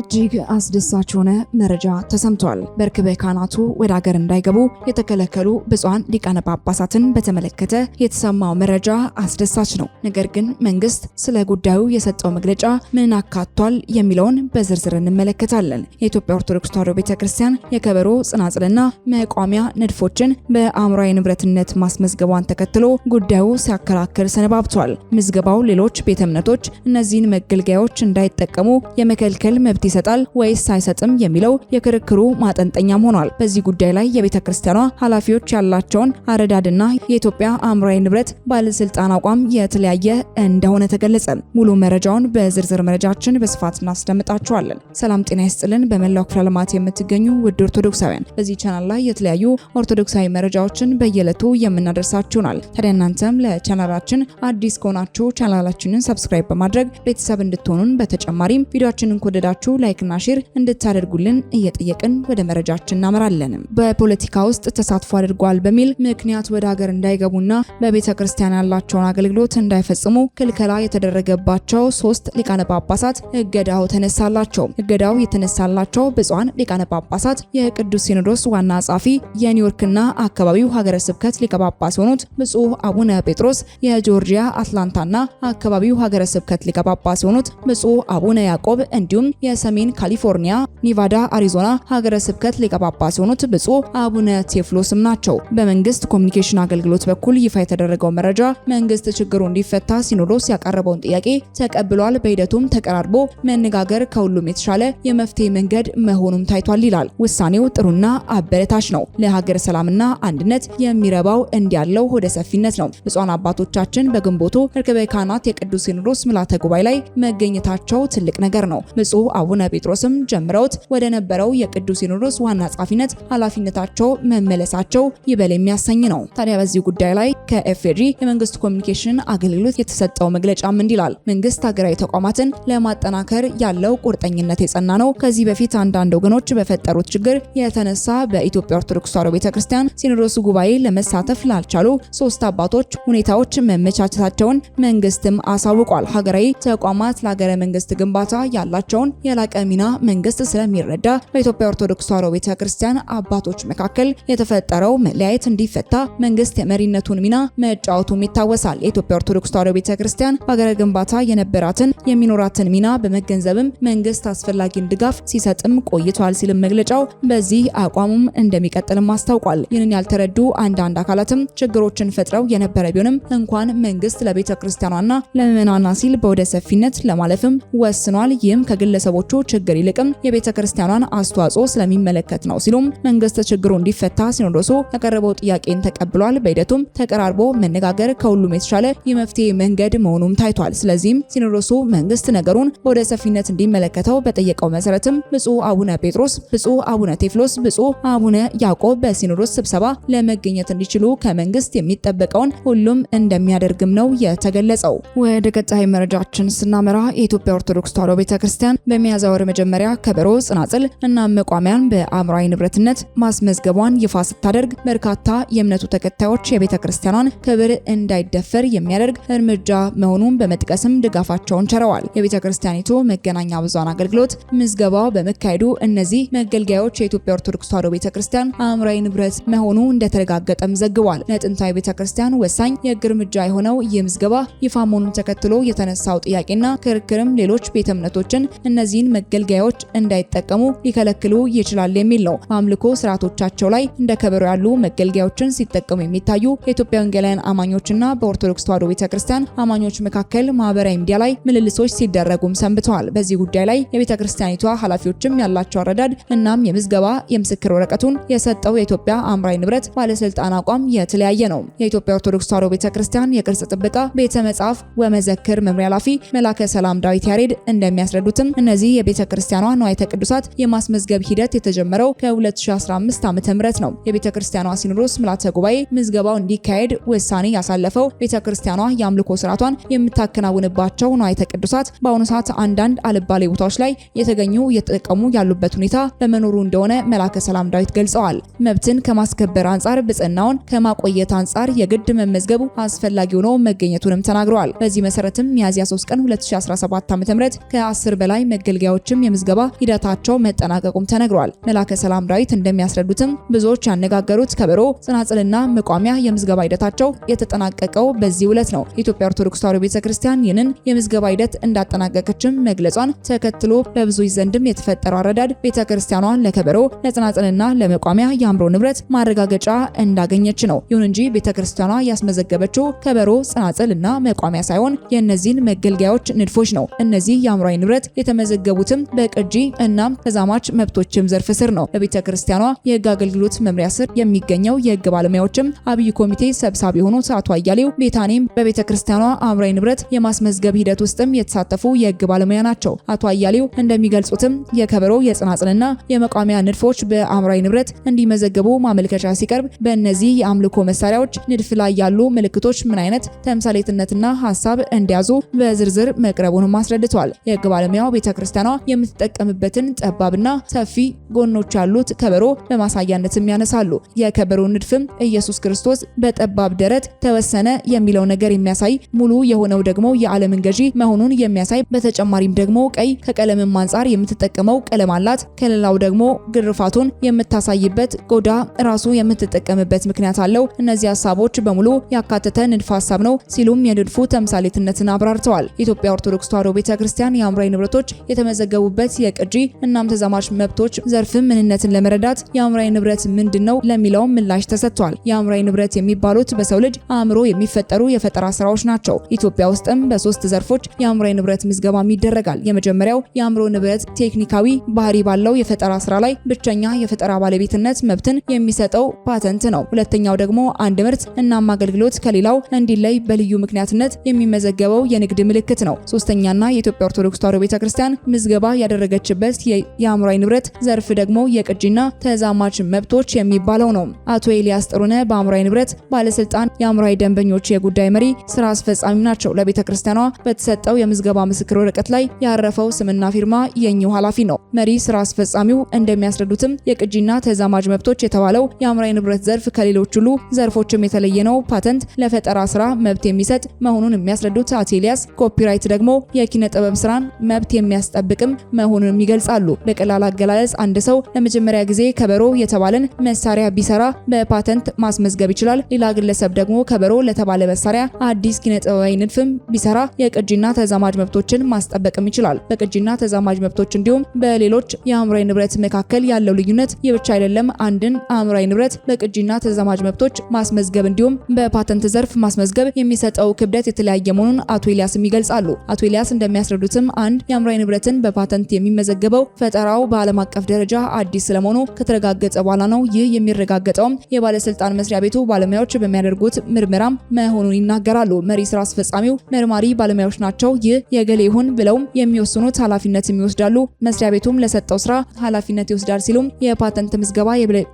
እጅግ አስደሳች የሆነ መረጃ ተሰምቷል። በርክበ ካህናቱ ወደ ሀገር እንዳይገቡ የተከለከሉ ብፁዓን ሊቃነ ጳጳሳትን በተመለከተ የተሰማው መረጃ አስደሳች ነው። ነገር ግን መንግስት ስለ ጉዳዩ የሰጠው መግለጫ ምን አካቷል የሚለውን በዝርዝር እንመለከታለን። የኢትዮጵያ ኦርቶዶክስ ተዋሕዶ ቤተ ክርስቲያን የከበሮ ጽናጽልና መቋሚያ ንድፎችን በአእምሯዊ ንብረትነት ማስመዝገቧን ተከትሎ ጉዳዩ ሲያከራክር ሰነባብቷል። ምዝገባው ሌሎች ቤተ እምነቶች እነዚህን መገልገያዎች እንዳይጠቀሙ የመከልከል መብት ይሰጣል ወይስ አይሰጥም የሚለው የክርክሩ ማጠንጠኛም ሆኗል። በዚህ ጉዳይ ላይ የቤተ ክርስቲያኗ ኃላፊዎች ያላቸውን አረዳድና የኢትዮጵያ አእምሯዊ ንብረት ባለስልጣን አቋም የተለያየ እንደሆነ ተገለጸ። ሙሉ መረጃውን በዝርዝር መረጃችን በስፋት እናስደምጣችኋለን። ሰላም ጤና ይስጥልን። በመላው ክፍለ ዓለማት የምትገኙ ውድ ኦርቶዶክሳውያን በዚህ ቻናል ላይ የተለያዩ ኦርቶዶክሳዊ መረጃዎችን በየዕለቱ የምናደርሳችሁናል። ታዲያ እናንተም ለቻናላችን አዲስ ከሆናችሁ ቻናላችንን ሰብስክራይብ በማድረግ ቤተሰብ እንድትሆኑን በተጨማሪም ቪዲዮችንን ከወደዳችሁ ካላችሁ ላይክና ሼር እንድታደርጉልን እየጠየቅን ወደ መረጃችን እናመራለን። በፖለቲካ ውስጥ ተሳትፎ አድርጓል በሚል ምክንያት ወደ ሀገር እንዳይገቡና በቤተ ክርስቲያን ያላቸውን አገልግሎት እንዳይፈጽሙ ክልከላ የተደረገባቸው ሶስት ሊቃነ ጳጳሳት እገዳው ተነሳላቸው። እገዳው የተነሳላቸው ብፁዓን ሊቃነ ጳጳሳት የቅዱስ ሲኖዶስ ዋና ጸሐፊ የኒውዮርክና አካባቢው ሀገረ ስብከት ሊቀ ጳጳስ የሆኑት ብፁዕ አቡነ ጴጥሮስ፣ የጆርጂያ አትላንታና አካባቢው ሀገረ ስብከት ሊቀ ጳጳስ የሆኑት ብፁዕ አቡነ ያዕቆብ እንዲሁም የሰሜን ካሊፎርኒያ፣ ኔቫዳ፣ አሪዞና ሀገረ ስብከት ሊቀ ጳጳስ የሆኑት ብፁዕ አቡነ ቴፍሎስም ናቸው። በመንግስት ኮሚኒኬሽን አገልግሎት በኩል ይፋ የተደረገው መረጃ መንግስት ችግሩ እንዲፈታ ሲኖዶስ ያቀረበውን ጥያቄ ተቀብሏል። በሂደቱም ተቀራርቦ መነጋገር ከሁሉም የተሻለ የመፍትሄ መንገድ መሆኑም ታይቷል ይላል። ውሳኔው ጥሩና አበረታች ነው። ለሀገር ሰላምና አንድነት የሚረባው እንዲያለው ወደ ሰፊነት ነው። ብፁዓን አባቶቻችን በግንቦቱ እርክበ ካህናት የቅዱስ ሲኖዶስ ምልዓተ ጉባኤ ላይ መገኘታቸው ትልቅ ነገር ነው። ብፁዕ አቡነ ጴጥሮስም ጀምረውት ወደ ነበረው የቅዱስ ሲኖዶስ ዋና ጸሐፊነት ኃላፊነታቸው መመለሳቸው ይበል የሚያሰኝ ነው። ታዲያ በዚህ ጉዳይ ላይ ከኤፌድሪ የመንግስት ኮሚኒኬሽን አገልግሎት የተሰጠው መግለጫም እንዲህ መንግስት ሀገራዊ ተቋማትን ለማጠናከር ያለው ቁርጠኝነት የጸና ነው። ከዚህ በፊት አንዳንድ ወገኖች በፈጠሩት ችግር የተነሳ በኢትዮጵያ ኦርቶዶክስ ተዋሕዶ ቤተክርስቲያን ሲኖዶስ ጉባኤ ለመሳተፍ ላልቻሉ ሶስት አባቶች ሁኔታዎች መመቻቸታቸውን መንግስትም አሳውቋል። ሀገራዊ ተቋማት ለሀገረ መንግስት ግንባታ ያላቸውን የላቀ ሚና መንግስት ስለሚረዳ በኢትዮጵያ ኦርቶዶክስ ተዋሕዶ ቤተክርስቲያን አባቶች መካከል የተፈጠረው መለያየት እንዲፈታ መንግስት የመሪነቱን ሚና መጫወቱም ይታወሳል። የኢትዮጵያ ኦርቶዶክስ ተዋሕዶ ቤተክርስቲያን በሀገረ ግንባታ የነበራትን የሚኖራትን ሚና በመገንዘብም መንግስት አስፈላጊን ድጋፍ ሲሰጥም ቆይቷል ሲልም መግለጫው በዚህ አቋሙም እንደሚቀጥልም አስታውቋል። ይህንን ያልተረዱ አንዳንድ አካላትም ችግሮችን ፈጥረው የነበረ ቢሆንም እንኳን መንግስት ለቤተክርስቲያኗና ለምዕመናኗ ሲል በወደ ሰፊነት ለማለፍም ወስኗል። ይህም ከግለሰቡ ቤተሰቦቹ ችግር ይልቅም የቤተ ክርስቲያኗን አስተዋጽኦ ስለሚመለከት ነው ሲሉም መንግስት ችግሩ እንዲፈታ ሲኖዶሱ ያቀረበው ጥያቄን ተቀብሏል። በሂደቱም ተቀራርቦ መነጋገር ከሁሉም የተሻለ የመፍትሄ መንገድ መሆኑም ታይቷል። ስለዚህም ሲኖዶሱ መንግስት ነገሩን ወደ ሰፊነት እንዲመለከተው በጠየቀው መሰረትም ብፁዕ አቡነ ጴጥሮስ፣ ብፁዕ አቡነ ቴፍሎስ ብፁዕ አቡነ ያዕቆብ በሲኖዶስ ስብሰባ ለመገኘት እንዲችሉ ከመንግስት የሚጠበቀውን ሁሉም እንደሚያደርግም ነው የተገለጸው። ወደ ቀጣይ መረጃችን ስናመራ የኢትዮጵያ ኦርቶዶክስ ተዋሕዶ ቤተክርስቲያን በሚያዝያ ወር መጀመሪያ ከበሮ፣ ጽናጽል እና መቋሚያን በአእምሯዊ ንብረትነት ማስመዝገቧን ይፋ ስታደርግ በርካታ የእምነቱ ተከታዮች የቤተ ክርስቲያኗን ክብር እንዳይደፈር የሚያደርግ እርምጃ መሆኑን በመጥቀስም ድጋፋቸውን ቸረዋል። የቤተ ክርስቲያኒቱ መገናኛ ብዙሃን አገልግሎት ምዝገባ በመካሄዱ እነዚህ መገልገያዎች የኢትዮጵያ ኦርቶዶክስ ተዋሕዶ ቤተ ክርስቲያን አእምሯዊ ንብረት መሆኑ እንደተረጋገጠም ዘግቧል። ለጥንታዊ ቤተ ክርስቲያን ወሳኝ የሕግ እርምጃ የሆነው ይህ ምዝገባ ይፋ መሆኑን ተከትሎ የተነሳው ጥያቄና ክርክርም ሌሎች ቤተ እምነቶችን እነዚህ እነዚህን መገልገያዎች እንዳይጠቀሙ ሊከለክሉ ይችላል የሚል ነው። በአምልኮ ስርዓቶቻቸው ላይ እንደ ከበሮ ያሉ መገልገያዎችን ሲጠቀሙ የሚታዩ የኢትዮጵያ ወንጌላውያን አማኞችና በኦርቶዶክስ ተዋሕዶ ቤተክርስቲያን አማኞች መካከል ማህበራዊ ሚዲያ ላይ ምልልሶች ሲደረጉም ሰንብተዋል። በዚህ ጉዳይ ላይ የቤተክርስቲያኒቷ ኃላፊዎችም ያላቸው አረዳድ እናም የምዝገባ የምስክር ወረቀቱን የሰጠው የኢትዮጵያ አእምሯዊ ንብረት ባለስልጣን አቋም የተለያየ ነው። የኢትዮጵያ ኦርቶዶክስ ተዋሕዶ ቤተክርስቲያን የቅርስ ጥበቃ ቤተ መጽሐፍ ወመዘክር መምሪያ ኃላፊ መላከ ሰላም ዳዊት ያሬድ እንደሚያስረዱትም እነዚህ ስለዚህ የቤተ ክርስቲያኗ ንዋየ ቅዱሳት የማስመዝገብ ሂደት የተጀመረው ከ2015 ዓ.ም ነው። የቤተ ክርስቲያኗ ሲኖዶስ ምልዓተ ጉባኤ ምዝገባው እንዲካሄድ ውሳኔ ያሳለፈው ቤተ ክርስቲያኗ የአምልኮ ስርዓቷን የምታከናውንባቸው ንዋየ ቅዱሳት በአሁኑ ሰዓት አንዳንድ አልባሌ ቦታዎች ላይ የተገኙ እየተጠቀሙ ያሉበት ሁኔታ በመኖሩ እንደሆነ መላከ ሰላም ዳዊት ገልጸዋል። መብትን ከማስከበር አንጻር ብጽናውን ከማቆየት አንጻር የግድ መመዝገቡ አስፈላጊ ሆኖ መገኘቱንም ተናግረዋል። በዚህ መሰረትም ሚያዝያ 3 ቀን 2017 ዓ.ም ከ10 በላይ መገ መገልገያዎችም የምዝገባ ሂደታቸው መጠናቀቁም ተነግሯል። መላከ ሰላም ዳዊት እንደሚያስረዱትም ብዙዎች ያነጋገሩት ከበሮ፣ ጽናጽልና መቋሚያ የምዝገባ ሂደታቸው የተጠናቀቀው በዚህ ዕለት ነው። የኢትዮጵያ ኦርቶዶክስ ተዋሕዶ ቤተክርስቲያን ይህንን የምዝገባ ሂደት እንዳጠናቀቀችም መግለጿን ተከትሎ በብዙዎች ዘንድም የተፈጠረው አረዳድ ቤተክርስቲያኗ ለከበሮ ለጽናጽልና ለመቋሚያ የአእምሮ ንብረት ማረጋገጫ እንዳገኘች ነው። ይሁን እንጂ ቤተክርስቲያኗ ያስመዘገበችው ከበሮ፣ ጽናጽል እና መቋሚያ ሳይሆን የእነዚህን መገልገያዎች ንድፎች ነው። እነዚህ የአእምሯዊ ንብረት የተመዘገ የተመዘገቡትም በቅጂ እናም ተዛማች መብቶችም ዘርፍ ስር ነው። በቤተ ክርስቲያኗ የህግ አገልግሎት መምሪያ ስር የሚገኘው የህግ ባለሙያዎችም አብይ ኮሚቴ ሰብሳቢ የሆኑ አቶ አያሌው ቤታኔም በቤተ ክርስቲያኗ አእምሯዊ ንብረት የማስመዝገብ ሂደት ውስጥም የተሳተፉ የህግ ባለሙያ ናቸው። አቶ አያሌው እንደሚገልጹትም የከበሮ የጽናጽንና የመቋሚያ ንድፎች በአምራይ ንብረት እንዲመዘገቡ ማመልከቻ ሲቀርብ በእነዚህ የአምልኮ መሳሪያዎች ንድፍ ላይ ያሉ ምልክቶች ምን አይነት ተምሳሌትነትና ሀሳብ እንዲያዙ በዝርዝር መቅረቡንም አስረድተዋል። የህግ ባለሙያው ካስቴታኗ የምትጠቀምበትን ጠባብና ሰፊ ጎኖች ያሉት ከበሮ በማሳያነትም ያነሳሉ። የከበሮ ንድፍም ኢየሱስ ክርስቶስ በጠባብ ደረት ተወሰነ የሚለው ነገር የሚያሳይ ሙሉ የሆነው ደግሞ የዓለምን ገዢ መሆኑን የሚያሳይ በተጨማሪም ደግሞ ቀይ ከቀለምም አንጻር የምትጠቀመው ቀለም አላት። ከሌላው ደግሞ ግርፋቱን የምታሳይበት ጎዳ ራሱ የምትጠቀምበት ምክንያት አለው። እነዚህ ሀሳቦች በሙሉ ያካተተ ንድፍ ሀሳብ ነው ሲሉም የንድፉ ተምሳሌትነትን አብራርተዋል። ኢትዮጵያ ኦርቶዶክስ ተዋሕዶ ቤተክርስቲያን የአእምሯዊ ንብረቶች የተ የተመዘገቡበት የቅጂ እናም ተዛማች መብቶች ዘርፍ ምንነትን ለመረዳት የአእምሯዊ ንብረት ምንድን ነው ለሚለው ምላሽ ተሰጥቷል። የአእምሯዊ ንብረት የሚባሉት በሰው ልጅ አእምሮ የሚፈጠሩ የፈጠራ ስራዎች ናቸው። ኢትዮጵያ ውስጥም በሶስት ዘርፎች የአእምሯዊ ንብረት ምዝገባም ይደረጋል። የመጀመሪያው የአእምሮ ንብረት ቴክኒካዊ ባህሪ ባለው የፈጠራ ስራ ላይ ብቸኛ የፈጠራ ባለቤትነት መብትን የሚሰጠው ፓተንት ነው። ሁለተኛው ደግሞ አንድ ምርት እናም አገልግሎት ከሌላው እንዲለይ በልዩ ምክንያትነት የሚመዘገበው የንግድ ምልክት ነው። ሶስተኛና የኢትዮጵያ ኦርቶዶክስ ተዋሕዶ ቤተክርስቲያን ምዝገባ ያደረገችበት የአእምሯዊ ንብረት ዘርፍ ደግሞ የቅጂና ተዛማች መብቶች የሚባለው ነው። አቶ ኤልያስ ጥሩነ በአእምሯዊ ንብረት ባለስልጣን የአእምሯዊ ደንበኞች የጉዳይ መሪ ስራ አስፈጻሚ ናቸው። ለቤተ ክርስቲያኗ በተሰጠው የምዝገባ ምስክር ወረቀት ላይ ያረፈው ስምና ፊርማ የእኚሁ ኃላፊ ነው። መሪ ስራ አስፈጻሚው እንደሚያስረዱትም የቅጂና ተዛማጅ መብቶች የተባለው የአእምሯዊ ንብረት ዘርፍ ከሌሎች ሁሉ ዘርፎችም የተለየ ነው። ፓተንት ለፈጠራ ስራ መብት የሚሰጥ መሆኑን የሚያስረዱት አቶ ኤልያስ ኮፒራይት ደግሞ የኪነ ጥበብ ስራን መብት የሚያስ የሚያስጠብቅም መሆኑንም ይገልጻሉ። በቀላል አገላለጽ አንድ ሰው ለመጀመሪያ ጊዜ ከበሮ የተባለን መሳሪያ ቢሰራ በፓተንት ማስመዝገብ ይችላል። ሌላ ግለሰብ ደግሞ ከበሮ ለተባለ መሳሪያ አዲስ ኪነጥበባዊ ንድፍም ቢሰራ የቅጂና ተዛማጅ መብቶችን ማስጠበቅም ይችላል። በቅጂና ተዛማጅ መብቶች እንዲሁም በሌሎች የአእምሯዊ ንብረት መካከል ያለው ልዩነት የብቻ አይደለም። አንድን አምራይ ንብረት በቅጂና ተዛማጅ መብቶች ማስመዝገብ እንዲሁም በፓተንት ዘርፍ ማስመዝገብ የሚሰጠው ክብደት የተለያየ መሆኑን አቶ ኤልያስም ይገልጻሉ። አቶ ኤልያስ እንደሚያስረዱትም አንድ የአእምሯዊ ንብረት ማለትን በፓተንት የሚመዘገበው ፈጠራው በዓለም አቀፍ ደረጃ አዲስ ስለመሆኑ ከተረጋገጠ በኋላ ነው። ይህ የሚረጋገጠውም የባለስልጣን መስሪያ ቤቱ ባለሙያዎች በሚያደርጉት ምርመራም መሆኑን ይናገራሉ። መሪ ስራ አስፈጻሚው መርማሪ ባለሙያዎች ናቸው። ይህ የገሌ ይሁን ብለውም የሚወስኑት ኃላፊነትም ይወስዳሉ። መስሪያ ቤቱም ለሰጠው ስራ ኃላፊነት ይወስዳል ሲሉም የፓተንት ምዝገባ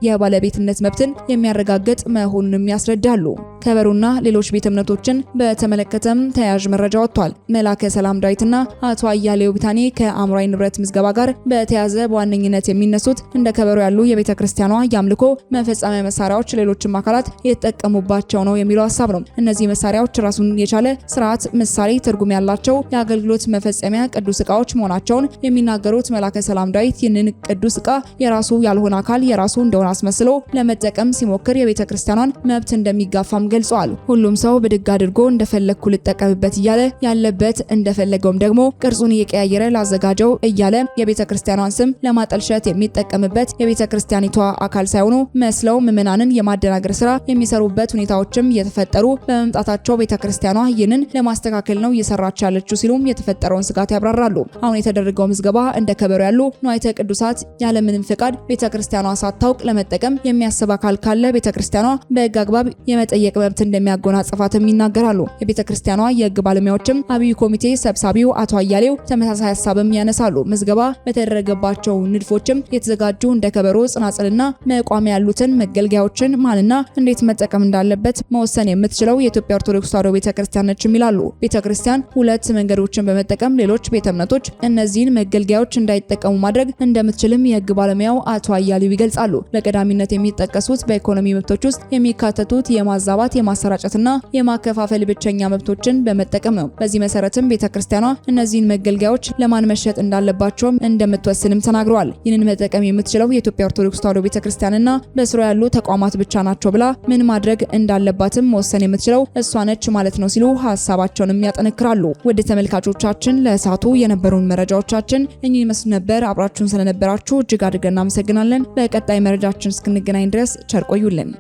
የባለቤትነት መብትን የሚያረጋግጥ መሆኑንም ያስረዳሉ። ከበሩና ሌሎች ቤተ እምነቶችን በተመለከተም ተያያዥ መረጃ ወጥቷል። መላከ ሰላም ዳዊትና አቶ አያሌው ቢታኔ ከአእምሯዊ ንብረት ምዝገባ ጋር በተያያዘ በዋነኝነት የሚነሱት እንደ ከበሮ ያሉ የቤተ ክርስቲያኗ የአምልኮ መፈጸሚያ መሳሪያዎች ሌሎችም አካላት የተጠቀሙባቸው ነው የሚለው ሀሳብ ነው። እነዚህ መሳሪያዎች ራሱን የቻለ ስርዓት፣ ምሳሌ፣ ትርጉም ያላቸው የአገልግሎት መፈጸሚያ ቅዱስ እቃዎች መሆናቸውን የሚናገሩት መላከ ሰላም ዳዊት ይህንን ቅዱስ እቃ የራሱ ያልሆነ አካል የራሱ እንደሆነ አስመስሎ ለመጠቀም ሲሞክር የቤተ ክርስቲያኗን መብት እንደሚጋፋም ገልጸዋል። ሁሉም ሰው ብድግ አድርጎ እንደፈለግኩ ልጠቀምበት እያለ ያለበት እንደፈለገውም ደግሞ ቅርጹን እየቀያየረ ላዘጋጀው እያለ የቤተ ክርስቲያኗን ስም ለማጠልሸት የሚጠቀምበት የቤተ ክርስቲያኒቷ አካል ሳይሆኑ መስለው ምዕመናንን የማደናገር ስራ የሚሰሩበት ሁኔታዎችም እየተፈጠሩ በመምጣታቸው ቤተ ክርስቲያኗ ይህንን ለማስተካከል ነው እየሰራች ያለችው ሲሉም የተፈጠረውን ስጋት ያብራራሉ። አሁን የተደረገው ምዝገባ እንደ ከበሮ ያሉ ንዋይተ ቅዱሳት ያለምንም ፍቃድ ቤተ ክርስቲያኗ ሳታውቅ ለመጠቀም የሚያስብ አካል ካለ ቤተ ክርስቲያኗ በህግ አግባብ የመጠየቅ መብት እንደሚያጎናጽፋትም ይናገራሉ። የቤተ ክርስቲያኗ የህግ ባለሙያዎችም አብይ ኮሚቴ ሰብሳቢው አቶ አያሌው ተመሳሳይ ሀሳብም ያነሳሉ። ምዝገባ በተደረገባቸው ንድፎችም የተዘጋጁ እንደ ከበሮ፣ ጽናጽልና መቋሚያ ያሉትን መገልገያዎችን ማንና እንዴት መጠቀም እንዳለበት መወሰን የምትችለው የኢትዮጵያ ኦርቶዶክስ ተዋሕዶ ቤተ ክርስቲያን ነችም ይላሉ። ቤተ ክርስቲያን ሁለት መንገዶችን በመጠቀም ሌሎች ቤተ እምነቶች እነዚህን መገልገያዎች እንዳይጠቀሙ ማድረግ እንደምትችልም የህግ ባለሙያው አቶ አያሌው ይገልጻሉ። በቀዳሚነት የሚጠቀሱት በኢኮኖሚ መብቶች ውስጥ የሚካተቱት የማዛባት የማጋራት የማሰራጨትና የማከፋፈል ብቸኛ መብቶችን በመጠቀም ነው። በዚህ መሰረትም ቤተክርስቲያኗ እነዚህን መገልገያዎች ለማን መሸጥ እንዳለባቸውም እንደምትወስንም ተናግረዋል። ይህንን መጠቀም የምትችለው የኢትዮጵያ ኦርቶዶክስ ተዋሕዶ ቤተክርስቲያንና በስሯ ያሉ ተቋማት ብቻ ናቸው ብላ ምን ማድረግ እንዳለባትም መወሰን የምትችለው እሷ ነች ማለት ነው ሲሉ ሀሳባቸውንም ያጠነክራሉ። ውድ ተመልካቾቻችን ለእሳቱ የነበሩን መረጃዎቻችን እኚህ ይመስሉ ነበር። አብራችሁን ስለነበራችሁ እጅግ አድርገን እናመሰግናለን። በቀጣይ መረጃችን እስክንገናኝ ድረስ ቸር ቆዩልን።